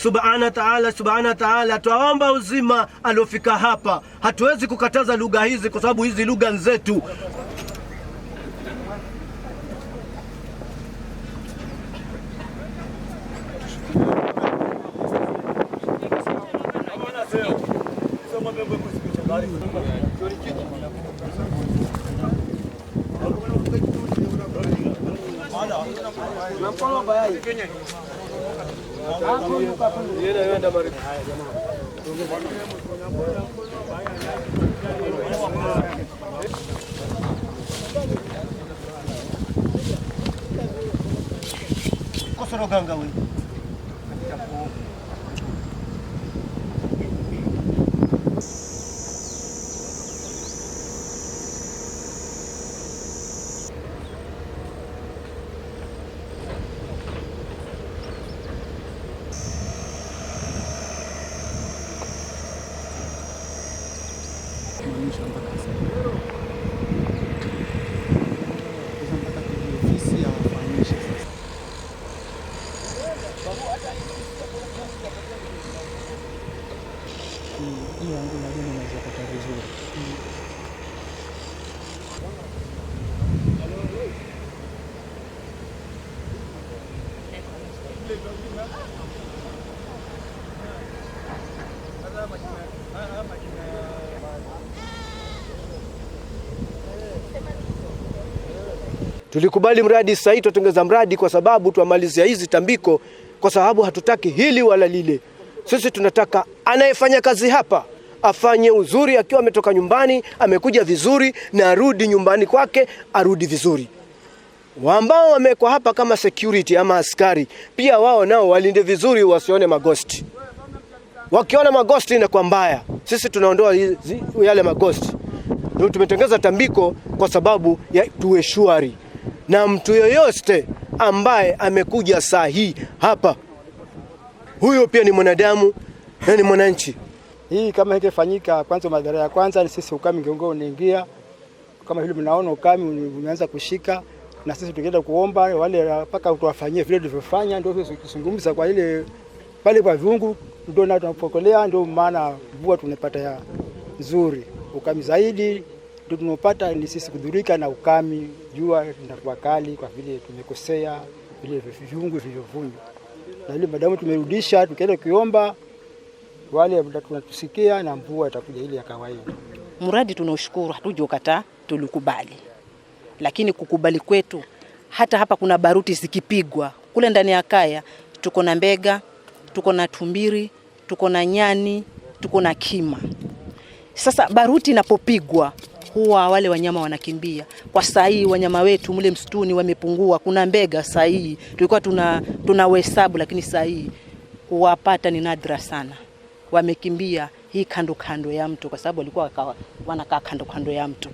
Subhana taala, subhana taala, twaomba uzima aliofika hapa. Hatuwezi kukataza lugha hizi kwa sababu hizi lugha nzetu. Kusura gangawi. hiyo yangu najua vizuri. Tulikubali mradi sasa hivi mradi kwa sababu tuamalizia hizi tambiko kwa sababu hatutaki hili wala lile. Sisi tunataka anayefanya kazi hapa afanye uzuri akiwa ametoka nyumbani, amekuja vizuri na arudi nyumbani kwake, arudi vizuri. Ambao wamekwa hapa kama security ama askari, pia wao nao walinde vizuri, wasione magosti. Wakiona magosti inakuwa mbaya, sisi tunaondoa yale magosti. Tumetengeza tambiko kwa sababu ya tuwe shwari na mtu yoyote ambaye amekuja saa hii hapa, huyo pia ni mwanadamu na ni mwananchi. Hii kama ingefanyika kwanza, madhara ya kwanza ni sisi, ukami ngongo unaingia kama hili mnaona, ukami umeanza kushika na sisi tukienda kuomba wale mpaka tuwafanyie vile tulivyofanya, ndio kuzungumza kwa ile pale kwa viungu, ndio na tunapokolea, ndio maana mvua tunapata ya nzuri, ukami zaidi ndio tunaopata ni sisi kudhurika na ukami, jua linakuwa kali kwa vile tumekosea vile viungu vilivyovunjwa, na ile madamu tumerudisha, tukaenda kuomba wale tunatusikia na mvua itakuja ile ya kawaida. Mradi tunaushukuru, hatujokataa, tulikubali, lakini kukubali kwetu, hata hapa kuna baruti zikipigwa kule ndani ya kaya, tuko na mbega, tuko na tumbiri, tuko na nyani, tuko na kima. Sasa baruti inapopigwa huwa wale wanyama wanakimbia. Kwa sahii wanyama wetu mle msituni wamepungua, kuna mbega hii tulikuwa tuna tunahesabu, lakini hii kuwapata ni nadra sana, wamekimbia hii kando kando ya mtu kwa sababu walikuwa wanakaa kando kando ya mtu